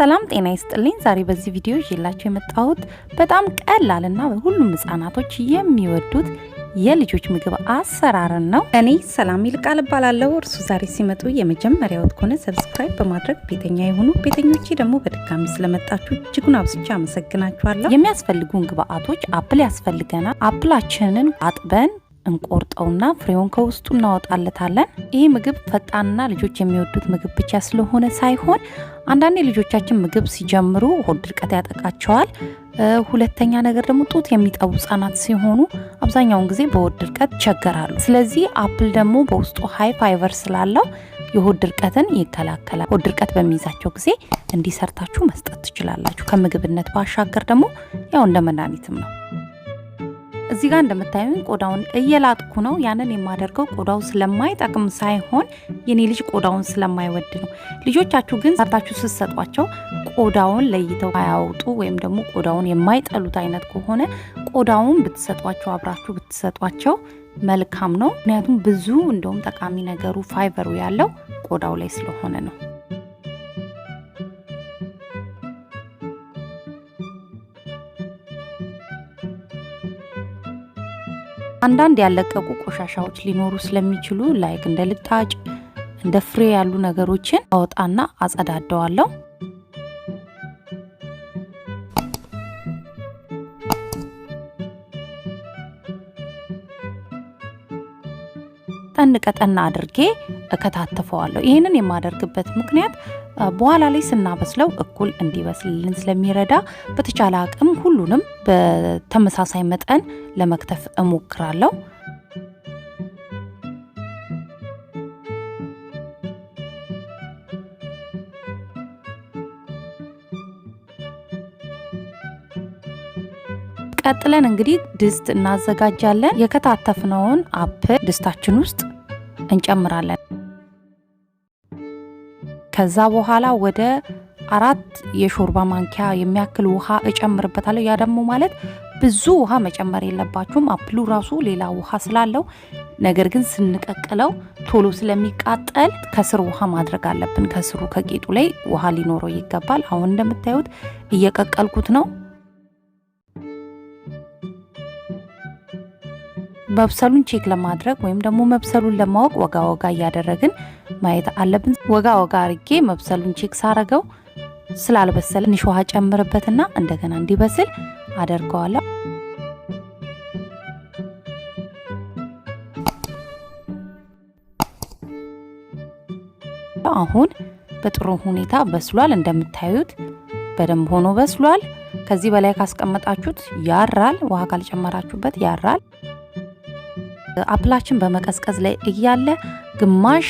ሰላም ጤና ይስጥልኝ። ዛሬ በዚህ ቪዲዮ ይዤላችሁ የመጣሁት በጣም ቀላልና ሁሉም ህጻናቶች የሚወዱት የልጆች ምግብ አሰራርን ነው። እኔ ሰላም ይልቃል እባላለሁ። እርሱ ዛሬ ሲመጡ የመጀመሪያዎት ከሆነ ሰብስክራይብ በማድረግ ቤተኛ የሆኑ ቤተኞቼ ደግሞ በድጋሚ ስለመጣችሁ እጅጉን አብዝቼ አመሰግናችኋለሁ። የሚያስፈልጉን ግብአቶች አፕል ያስፈልገናል። አፕላችንን አጥበን እንቆርጠውና ፍሬውን ከውስጡ እናወጣለታለን። ይህ ምግብ ፈጣንና ልጆች የሚወዱት ምግብ ብቻ ስለሆነ ሳይሆን አንዳንዴ ልጆቻችን ምግብ ሲጀምሩ ሆድ ድርቀት ያጠቃቸዋል። ሁለተኛ ነገር ደግሞ ጡት የሚጠቡ ህጻናት ሲሆኑ አብዛኛውን ጊዜ በሆድ ድርቀት ይቸገራሉ። ስለዚህ አፕል ደግሞ በውስጡ ሀይ ፋይበር ስላለው የሆድ ድርቀትን ይከላከላል። ሆድ ድርቀት በሚይዛቸው ጊዜ እንዲሰርታችሁ መስጠት ትችላላችሁ። ከምግብነት ባሻገር ደግሞ ያው እንደ መድኃኒትም ነው። እዚህ ጋር እንደምታዩኝ ቆዳውን እየላጥኩ ነው። ያንን የማደርገው ቆዳው ስለማይጠቅም ሳይሆን የኔ ልጅ ቆዳውን ስለማይወድ ነው። ልጆቻችሁ ግን ሰርታችሁ ስትሰጧቸው ቆዳውን ለይተው አያውጡ ወይም ደግሞ ቆዳውን የማይጠሉት አይነት ከሆነ ቆዳውን ብትሰጧቸው አብራችሁ ብትሰጧቸው መልካም ነው። ምክንያቱም ብዙ እንደውም ጠቃሚ ነገሩ ፋይበሩ ያለው ቆዳው ላይ ስለሆነ ነው። አንዳንድ ያለቀቁ ቆሻሻዎች ሊኖሩ ስለሚችሉ ላይክ እንደ ልጣጭ እንደ ፍሬ ያሉ ነገሮችን አወጣና አጸዳደዋለሁ። ቀጠን ቀጠን አድርጌ እከታተፈዋለሁ። ይህንን የማደርግበት ምክንያት በኋላ ላይ ስናበስለው እኩል እንዲበስልልን ስለሚረዳ በተቻለ አቅም ሁሉንም በተመሳሳይ መጠን ለመክተፍ እሞክራለሁ። ቀጥለን እንግዲህ ድስት እናዘጋጃለን። የከታተፍነውን አፕል ድስታችን ውስጥ እንጨምራለን። ከዛ በኋላ ወደ አራት የሾርባ ማንኪያ የሚያክል ውሃ እጨምርበታለሁ። ያ ደግሞ ማለት ብዙ ውሃ መጨመር የለባችሁም። አፕሉ ራሱ ሌላ ውሃ ስላለው ነገር ግን ስንቀቅለው ቶሎ ስለሚቃጠል ከስር ውሃ ማድረግ አለብን። ከስሩ ከጌጡ ላይ ውሃ ሊኖረው ይገባል። አሁን እንደምታዩት እየቀቀልኩት ነው። መብሰሉን ቼክ ለማድረግ ወይም ደግሞ መብሰሉን ለማወቅ ወጋ ወጋ እያደረግን ማየት አለብን። ወጋ ወጋ አርጌ መብሰሉን ቼክ ሳረገው ስላልበሰለ ትንሽ ውሃ ጨምርበትና እንደገና እንዲበስል አደርገዋለሁ። አሁን በጥሩ ሁኔታ በስሏል። እንደምታዩት በደንብ ሆኖ በስሏል። ከዚህ በላይ ካስቀመጣችሁት ያራል። ውሃ ካልጨመራችሁበት ያራል። አፕላችን በመቀዝቀዝ ላይ እያለ ግማሽ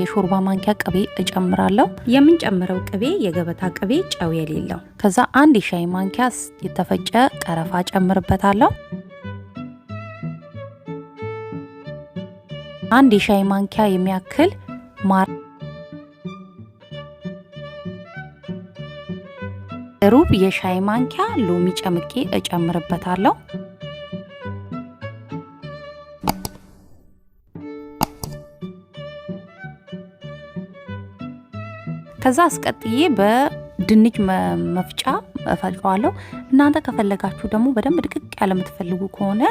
የሾርባ ማንኪያ ቅቤ እጨምራለሁ። የምንጨምረው ቅቤ የገበታ ቅቤ፣ ጨው የሌለው። ከዛ አንድ የሻይ ማንኪያ የተፈጨ ቀረፋ ጨምርበታለሁ። አንድ የሻይ ማንኪያ የሚያክል ማር፣ ሩብ የሻይ ማንኪያ ሎሚ ጨምቄ እጨምርበታለሁ። ከዛ አስቀጥዬ በድንች መፍጫ እፈጨዋለሁ። እናንተ ከፈለጋችሁ ደግሞ በደንብ ድቅቅ ያለ የምትፈልጉ ከሆነ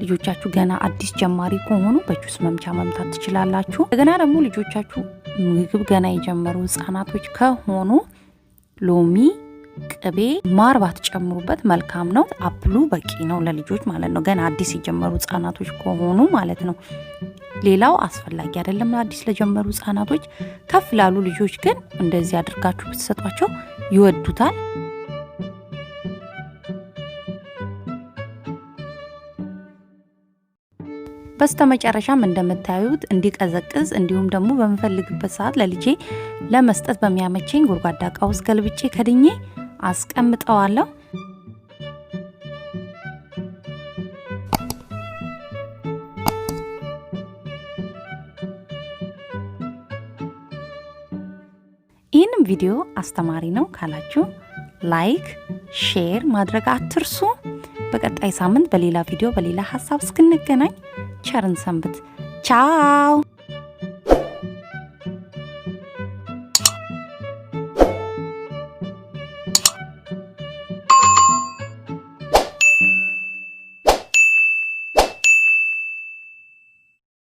ልጆቻችሁ ገና አዲስ ጀማሪ ከሆኑ በጁስ መምቻ መምታት ትችላላችሁ። እንደገና ደግሞ ልጆቻችሁ ምግብ ገና የጀመሩ ህጻናቶች ከሆኑ ሎሚ ቅቤ፣ ማር ባትጨምሩበት መልካም ነው። አፕሉ በቂ ነው ለልጆች ማለት ነው። ገና አዲስ የጀመሩ ህጻናቶች ከሆኑ ማለት ነው። ሌላው አስፈላጊ አይደለም አዲስ ለጀመሩ ህጻናቶች። ከፍ ላሉ ልጆች ግን እንደዚህ አድርጋችሁ ብትሰጧቸው ይወዱታል። በስተመጨረሻም እንደምታዩት እንዲቀዘቅዝ እንዲሁም ደግሞ በምፈልግበት ሰዓት ለልጄ ለመስጠት በሚያመቸኝ ጎድጓዳ እቃ ውስጥ ገልብጬ ከድኜ አስቀምጠዋለሁ። ይህንም ቪዲዮ አስተማሪ ነው ካላችሁ ላይክ፣ ሼር ማድረግ አትርሱ። በቀጣይ ሳምንት በሌላ ቪዲዮ በሌላ ሀሳብ እስክንገናኝ ቸርን ሰንብት። ቻው